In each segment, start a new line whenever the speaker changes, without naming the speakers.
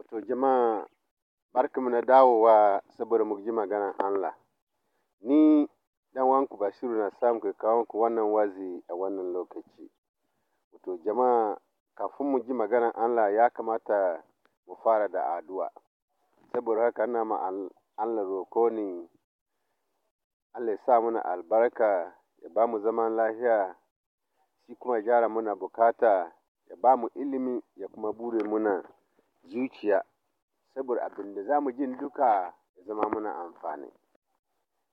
Wato jama'a barkanmu na dawowa saboda mu ji maganar Allah. Ni dan wanku Bashiru na samu ka kawo ku wannan wazi a wannan lokaci. Wato jama'a kafin mu ji maganar Allah ya kamata mu fara da addu'a. Saboda haka ina ma Allah roko ni Allah ya sa mana albarka ya ba mu zaman lafiya shi kuma gyara mana bukata ya ba mu ilimi ya kuma bure muna zuciya saboda abin da za mu jin duka ya zama mana amfani.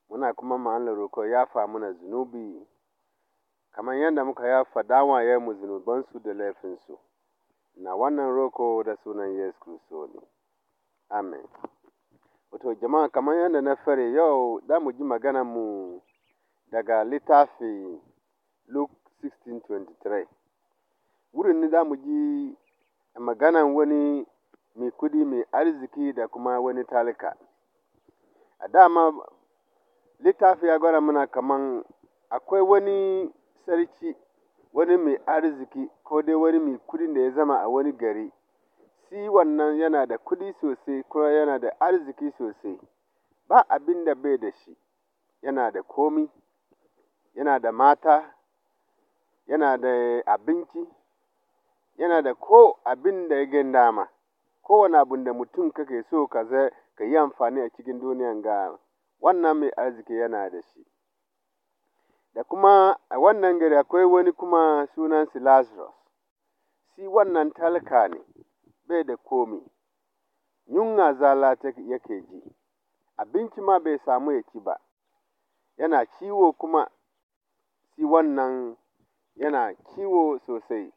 Muna kuma ma'anar ya fa mana zunubi kamar yadda muka ya yafa mu zunubansu da laifinsu. Na wannan roko da sunan Yesu kristo ne. Amen. Wato jama'a kamar yadda na fare yau za mu ji mu daga littafi Luke 16:23. Wurin ni za mu ji maganan wani mai kuɗi mai arziki da kuma wani talika a dama littafi ya gwada mana kaman akwai wani sarki wani mai arziki ko dai wani mai kuɗin da ya zama a wani gari shi wannan yana da kuɗi sosai ko yana da arziki sosai ba abin da bai da shi yana da komi yana da mata yana da abinci yana da ko abin da ya dama. kowane abin da mutum kake so ka ka yi amfani a cikin duniyan ga wannan mai arziki yana da shi. Da kuma a wannan gari akwai wani kuma sunan Lazarus, shi wannan talaka ne, bai da komi, yunwa zala yake ji, abinci ma bai samu ya ci ba, yana ciwo kuma shi wannan yana ciwo sosai.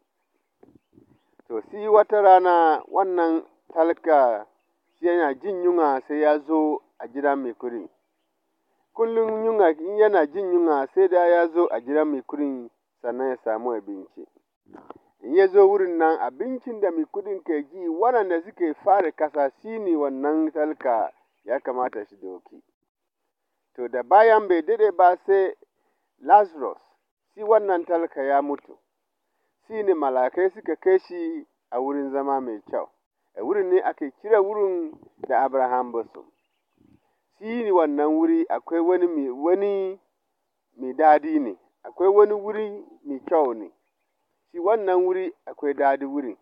To, si wata rana wannan talaka yana jin yunwa sai ya zo a gida mai kurin Kullum yunwa in yana jin yunwa sai da ya zo a gidan mai kurin sannan ya samu abinci. In ya zo wurin nan abincin da mai kudin ke ji waɗanda suke fara kasa shi ne wannan talka ya kamata shi doki. To da bayan bai daɗe ba sai Lazarus shi wannan talka ya mutu, shi ne malakai suka kai shi a wurin zama mai kyau. Eh, wurin ne ake kira wurin da Abraham Bosom. Shi wannan wuri akwai wani mai wani dadi ne, akwai wani wuri mai kyau ne, shi wannan wuri akwai dadi wurin,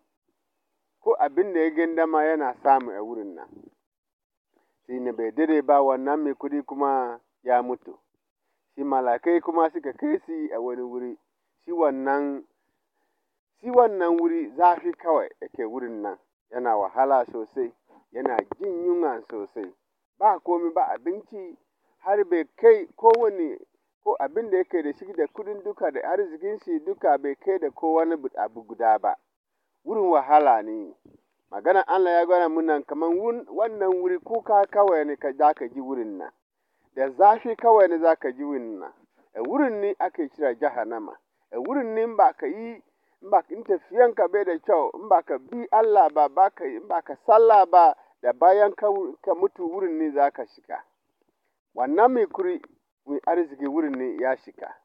ko abin da ya ganda yana samu a wurin nan. Shi ne bai dare ba wannan mai kuɗi kuma ya mutu, shi malakai kuma suka kai shi a wani wuri, wannan shi wannan wuri zafi kawai yake wurin nan. yana wahala sosai, yana jin yunwa sosai, ba komi ba abinci har bai kai kowane ko abin da yake da shi da kudin duka da arzikin shi duka bai kai da kowane abu guda ba. Wurin wahala ne, maganan Allah ya gwada muna kamar wannan wuri kuka kawai ne ka ka ji wurin nan, da zafi kawai ne za ka ji wurin nan, a wurin ne ake kira jahannama, a wurin ne ba ka yi in ba tafiyan tafiyanka bai da kyau in ba ka bi Allah ba ba ka in ba ka sallah ba da bayan ka, mutu wurin ne za ka shiga wannan mai kuri mai arziki wurin ne ya shiga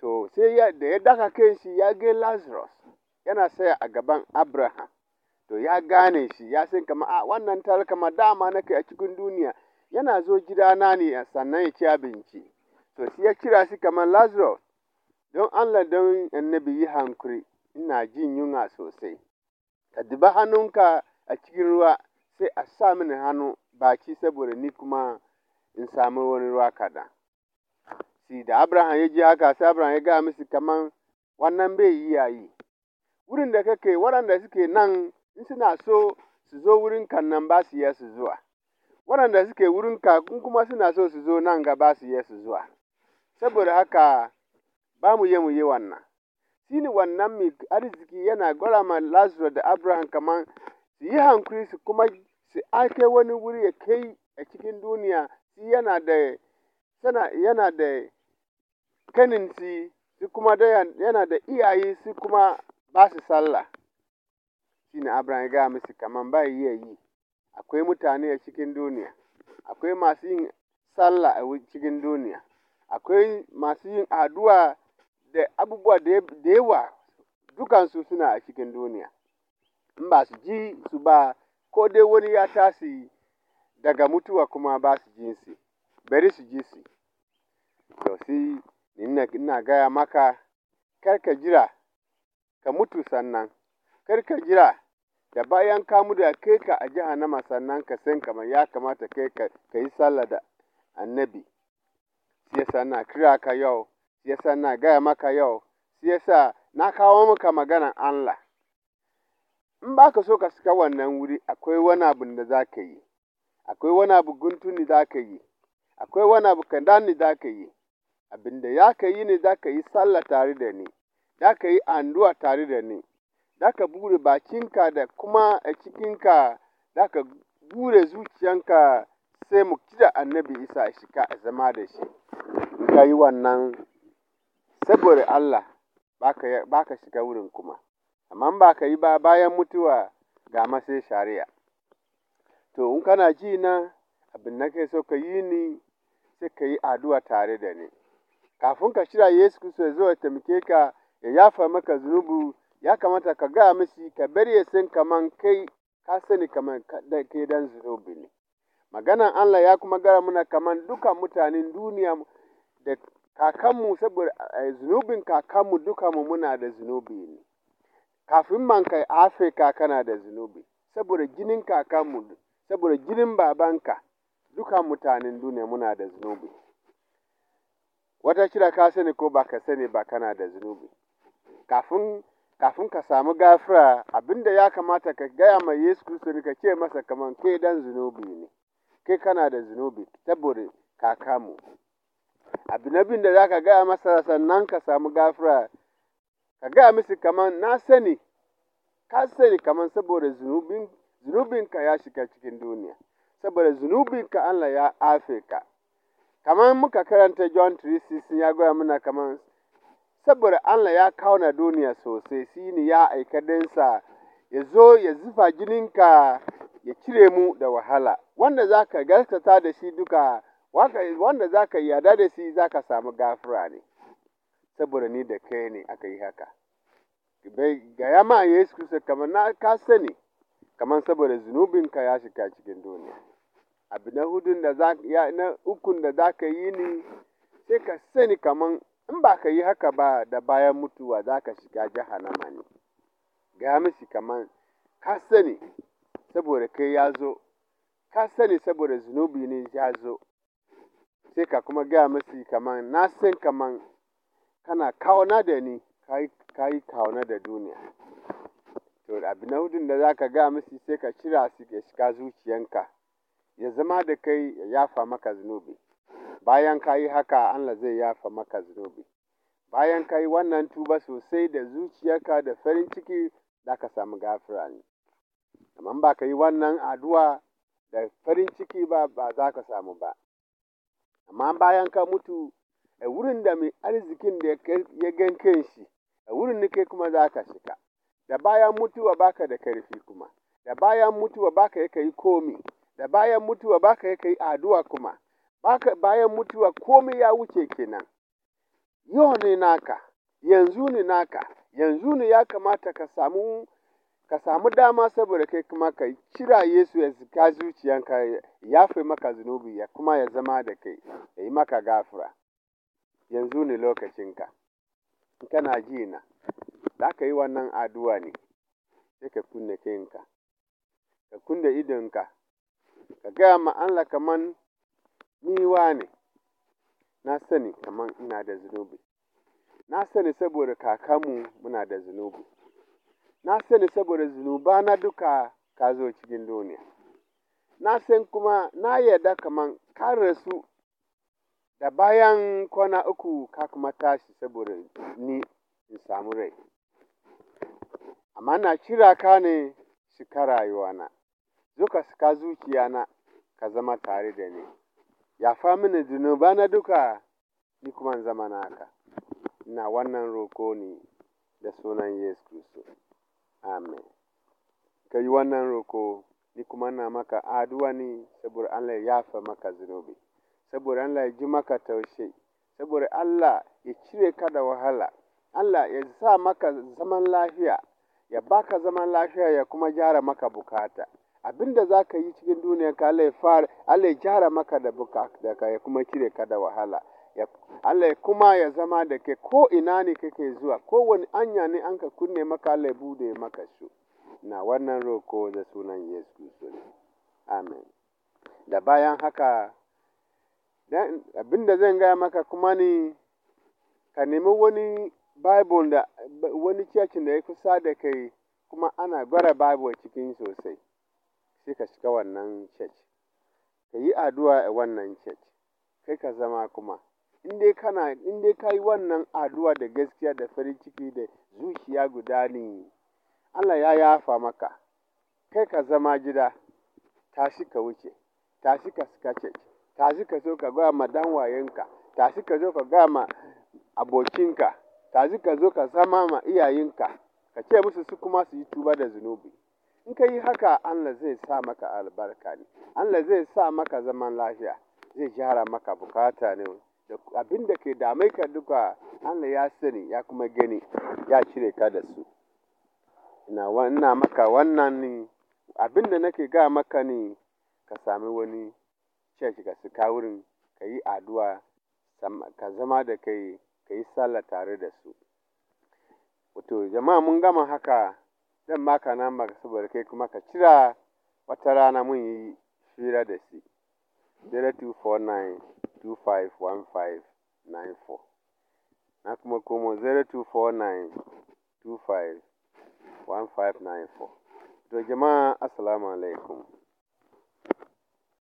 to sai da ya daka kai shi ya ga Lazarus yana saya a gaban Abraham to ya gane shi ya san kama a ah, wannan ma dama kai a cikin duniya yana zo gidana ne sannan ya ci abinci to shi ya kira shi kamar Lazarus Don Allah don Annabi yi hankuri ina jin yunwa sosai. Ka dubi hannunka a cikin ruwa sai a sa mini hannu baki saboda ni kuma in sami wani ruwa kaɗan. Si da Abraham ya ji haka sai Abraham ya gaya musu kaman wannan bai yi yayi. Wurin da kake waɗanda suke nan in suna so su zo wurin kan nan ba su iya su zuwa. Waɗanda suke wurin ka kuma suna so su zo nan ga ba su iya su zuwa. Saboda haka Ba mu iya mu yi wannan. Shi ne wannan mai arziki yana gwada ma lazaro da Abraham kaman su yi hankuri su kuma su ake wani wuri ya kai a cikin duniya shi yana da yana da kaninci shi kuma da yana da iyaye su kuma ba su sallah. Shi ne Abraham ya gaya musu kamar ba yi yi. Akwai mutane a cikin duniya. Akwai masu yin sallah a cikin duniya. Akwai masu yin addu'a da abubuwa da yawa dukansu suna a cikin duniya. In ba su ji su ba, ko dai wani ya tasi daga mutuwa kuma ba su ji su, bari su ji su. To sai ina, gaya maka, kar ka jira ka mutu sannan, kar ka jira da bayan ka da a kai ka a jahannama sannan ka san kamar ya kamata kai ka yi sallah da annabi. Shi yasa na kira ka yau shi yasa na gaya maka yau, shi yasa na kawo maka maganan Allah. In ba ka so ka shiga wannan wuri, akwai wani abu da za ka yi, akwai wani abu ni za ka yi, akwai wani abu ni za ka yi, abin da ya ka yi ne za ka yi sallah tare da ni, za ka yi anduwa tare da ni, za ka bure bakinka da kuma a cikinka za ka bure zuciyanka sai mu kira annabi isa shi ka zama da shi. In ka yi wannan Saboda Allah ba ka shiga wurin kuma, amma ba ka yi ba bayan mutuwa ga masai shari'a. To, in kana ji na abin na kai so ka yi ni sai ka yi addu'a tare da ni. Kafin ka shirya Yesu Kristo ya zo ya taimake ka ya yafa maka zunubu ya kamata ka gaya mishi ka bari ya kaman kai ka sani kaman ke dan zunubi ne. Maganan Allah ya kuma gara muna kaman dukan mutanen duniya da kakanmu saboda eh, zunubin kakanmu duka mu muna da zunubi ne kafin man kai afirka kana da zunubi saboda jinin kakanmu saboda jinin babanka duka mutanen duniya muna da zunubi wata shida ka sani ko ba ka sani ba kana da zunubi kafin kafin ka samu gafira abinda ya kamata ka gaya mai Yesu Kristo ne ka ce masa kamar kai dan zunubi ne kai kana da zunubi saboda kakanmu. abin da za ka gaya masa sannan ka samu gafira ka gaya musu kaman na sani ka sani kaman saboda zunubin zunubinka ya shiga cikin duniya saboda zunubinka Allah ya afe ka muka karanta John 3:16 ya gaya mana kaman saboda Allah ya kawo duniya sosai shine ya aika dansa ya zo ya zufa jininka ya cire mu da wahala wanda za ka gaskata da shi duka wanda za ka a da shi za ka samu gafura ne, saboda ni da kai ne aka yi haka. ya ma Yesu Kirista kamar na ka sani, kamar saboda zunubinka ya shiga cikin duniya. Abu na hudun da za na ukun da za ka yi ni, sai ka sani kamar in ba ka yi haka ba da bayan mutuwa za ka shiga jahannama ne. Gaya mishi kamar ka sani saboda kai ya zo, ka sani saboda zunubi ne ya zo. sai ka kuma gaya musu kaman na san kaman kana kauna da ni ka yi kauna da duniya to abu na hudun da za ka gaya musu sai ka cira su ke shiga zuciyanka ya zama da kai ya yafa maka zunubi bayan ka yi haka Allah zai yafa maka zunubi bayan ka yi wannan tuba sosai da zuciyarka da farin ciki za ka samu gafira ne amma ba ka yi wannan addu'a da farin ciki ba ba za ka samu ba Amma bayan ka mutu, a wurin da mai arzikin da ya gan shi a wurin ne kai kuma za ka shiga. Da bayan mutuwa ba ka da karfi kuma, da bayan mutuwa ba ka yi komi, da bayan mutuwa ba ka yi addu'a kuma, baka bayan mutuwa komai ya wuce kenan. Yau ne naka, yanzu ne naka, yanzu ne ya kamata ka samu ka samu dama saboda kai kuma ka cira Yesu ya zika zuciyanka ya fi maka zunubi ya kuma ya zama da kai ya yi maka gafura. Yanzu ne lokacinka, kana ji na, za ka yi wannan addu'a ne, sai ka kunne kanka, ka kunne idonka, ka gaya ma Allah kaman niwa ne, na sani kaman ina da zunubi, na sani saboda kakanmu muna da zunubi. Na sani saboda zunubana duka ka zo cikin duniya. Na san kuma na yarda kaman ka rasu da bayan kwana uku ka kuma tashi saboda ni in samu rai. Amma na cira ka ne shika rayuwana, zo ka zuciya na ka zama tare da ni. Yafa mini zunubana duka, ni kuma zama naka. Ina wannan roko ne da sunan Yesu Kiristi. Amen. Ka yi wannan roko, ni kuma na maka aduwa ne saboda Allah ya fa maka zunubi, saboda Allah ya ji maka taushe, saboda Allah ya cire ka da wahala, Allah ya sa maka zaman lafiya, ya baka zaman lafiya ya kuma gyara maka bukata. Abin da za ka yi cikin duniya ka Allah ya gyara maka da bukata ya kuma cire ka da wahala. Allah ya kuma ya zama da ke ko ina ne kake zuwa kowane anya ne an ka kunne maka Allah ya bude maka su na wannan roko da sunan Yesu Kristo ne amen da bayan haka abin zan gaya maka kuma ne ka nemi wani Bible da wani cikin da ya kusa da kai kuma ana gwara Bible cikin sosai sai ka shiga wannan church ka yi addu'a a wannan church kai ka zama kuma in dai kana ka wannan addu'a da gaskiya da farin ciki da zuciya guda ne Allah ya yafa maka kai ka zama gida tashi ka wuce tashi ka kace tashi ka zo ka ga ma wayenka tashi ka zo ka ga ma abokinka tashi ka zo ka zama ma iyayenka ka ce musu su kuma su yi tuba da zunubi in ka yi haka Allah zai sa maka albarka ne Allah zai sa maka zaman lafiya zai gyara maka bukata ne abin da ke damai ka duka Allah ya sani ya kuma gani ya cire ka da su ina maka wannan ne abin da nake ga maka ne ka sami wani church ka suka wurin ka yi aduwa, ka zama da kai ka yi sallah tare da su wato jama'a mun gama haka zan maka na maka saboda kai kuma ka cira wata rana mun yi shira da shi 0249 251594 na kuma komo 0249251594 to jama'a assalamu alaikum